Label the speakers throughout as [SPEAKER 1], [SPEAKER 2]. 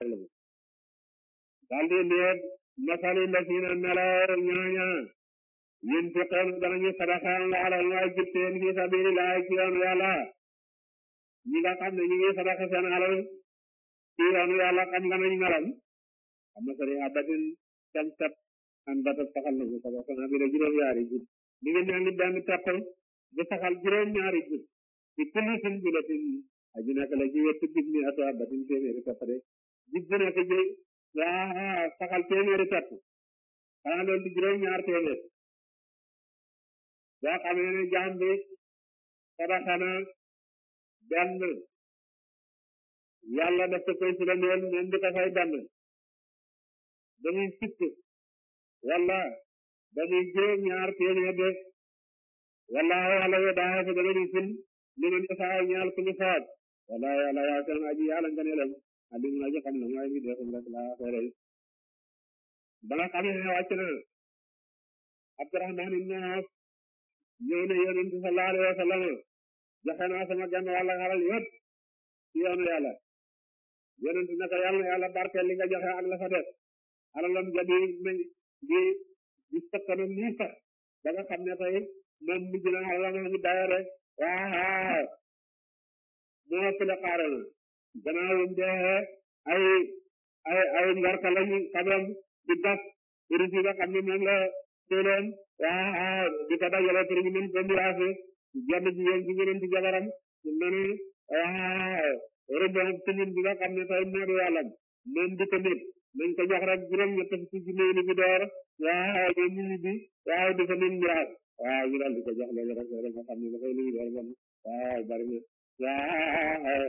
[SPEAKER 1] sallam daldi neet masalu lasina melor ñooña yunfiqoon danañu sadakaan la alal ñoo jitteen fi sabilillah ci yoonu
[SPEAKER 2] yàlla ñi nga xam ne ñu ngi sadaka seen alal ci yoonu
[SPEAKER 1] xam nga nañ melam xam na sari abatin samsat an batat saxal nañu sadaka bi la juróom yaari jub mi ngi mel ni benn bu saxal juróom ñaari jub ci kulli sun julatin wettu jub bu nekk ji waa ñaar téeméer boo
[SPEAKER 2] xamee ne jaam bi sadaxa na benn yàlla daf koy sila neel moom di ko fay benn ba muy fukk wala
[SPEAKER 1] ba ñaar téeméer de wala yàlla we daa fa dama ni ful li ma ne ku ñu faat wala yàlla waa kan aji yàlla nga ne adduna la ñu xam ne
[SPEAKER 2] mooy bi deesul rek la xeeral bala xamee ne wàcc na Abdurahmaan ibn Awf ñëw ne yonent sallallahu alayhi wa sallam joxe naa sama genn wàll xalal yëpp yoonu yàlla yonent ne ko yàlla
[SPEAKER 1] yàlla barkeel li nga joxe ak la fa def alalam jadi ma di di sëkkana nii sax ba xam ne tey moom mujj na alalam a ngi dayo
[SPEAKER 2] moo ëpp la gannaaw yam ay
[SPEAKER 1] ay ay ngarka lañu kabam di gas urus yi xam ne moom la tëloon waa di ko dajale pour ñu mën ko miraase jenn jigéen ci ñeneen ci jabaram mu ne waa rëbbam timin bi nga xam ne tey moodu yàllam moom di ko nit nañ ko jox rek juróom ñett ci junnee ni bi door bi di ko ñu daal di ko jox loolu rek nga xam ne dafay lu ñu door moom bari na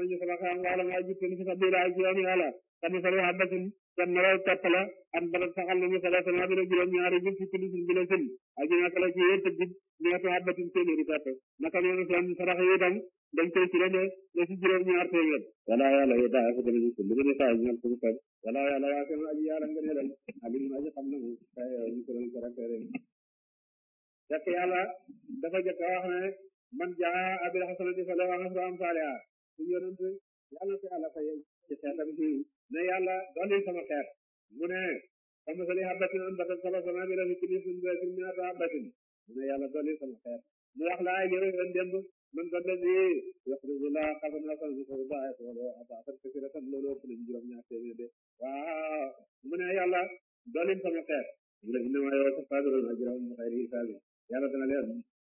[SPEAKER 1] kan wala nga jitté ni sa dira ci ni wala tan sa wa ba sun tan na wal tapala am ba sa xal ni sala sa nabi rabbil alamin yaara jitté ci sun bi la sun a gina kala ci yé te dib ni ko habba tin te ni tapé naka ni ñu sun sa raxé dañ dañ koy ci lené ni ci jiro ñaar te ngel wala ya la yeda ak dañ ci lu gëna tay ñu ko tay wala ya la ya ko ay yaara ngel dal yàlla ko yàlla fay ci xeetam si ne yàlla dolli sama xeet mu ne sama sali habbatin ambatat sab'a sanaabila fi kulli sunbulatin mi'atu habbatin mu ne yàlla dolli sama xeet mu wax laa yore yoon démb man ko desi yaxruju laa xasan xasan bi ko baax wala abaaxan kasiratan loolu ëpp nañu juróom ñaar téeméer de waaw mu ne yàlla dolli sama xeet mu ne innamaa yuwaffa-s-saabiruna ajrahum bi xayri hisaab yàlla dana leen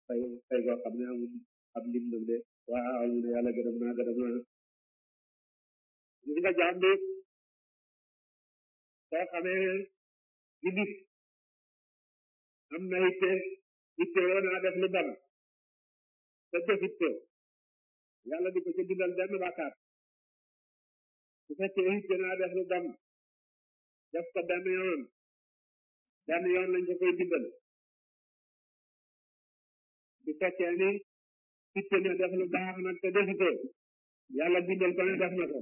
[SPEAKER 1] fay fay goo xam ne amul ab lim
[SPEAKER 2] de waaw mu ne yàlla gërëm naa gërëm naa gis nga jaam bi soo xamee di nit am na itte itte woo naa def lu bon te defit ko yàlla di ko ca bindal benn bàkkaar su fekkee itte def lu def ko benn yoon benn yoon lañ ko koy bindal su fekkee ni itte na def lu baax nag te defi ko yàlla bindal ko ne def na ko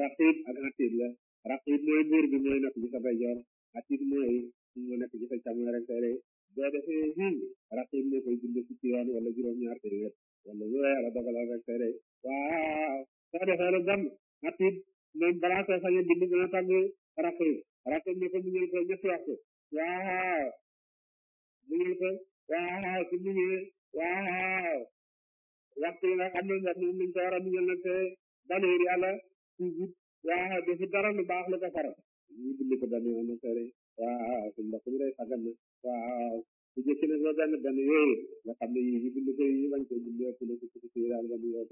[SPEAKER 1] raqib ak atid la raqib mooy buur bi mooy nekk ci a ndeyjoor atid mooy moo nekk ci sa càmmoñ rek tey bind fukki yoon wala juróom-ñaar téeméer wala lu yàlla dogalal rek tey rek soo defee lu gam atid moom balaa soo bind dina
[SPEAKER 2] tàgg raqib raqib ne ko muñal ko ñetti waxtu waaw
[SPEAKER 1] muñal ko waxtu nga xam ne moom lañ ko war a muñal nag toujours mm-hmm. waaw defu dara lu baax lu ko faral ñu julli ko benn yoon sore waaw suñ mbokk mi day sagal na waaw bu jëkk ne soo benn benn yooyu nga xam ne yii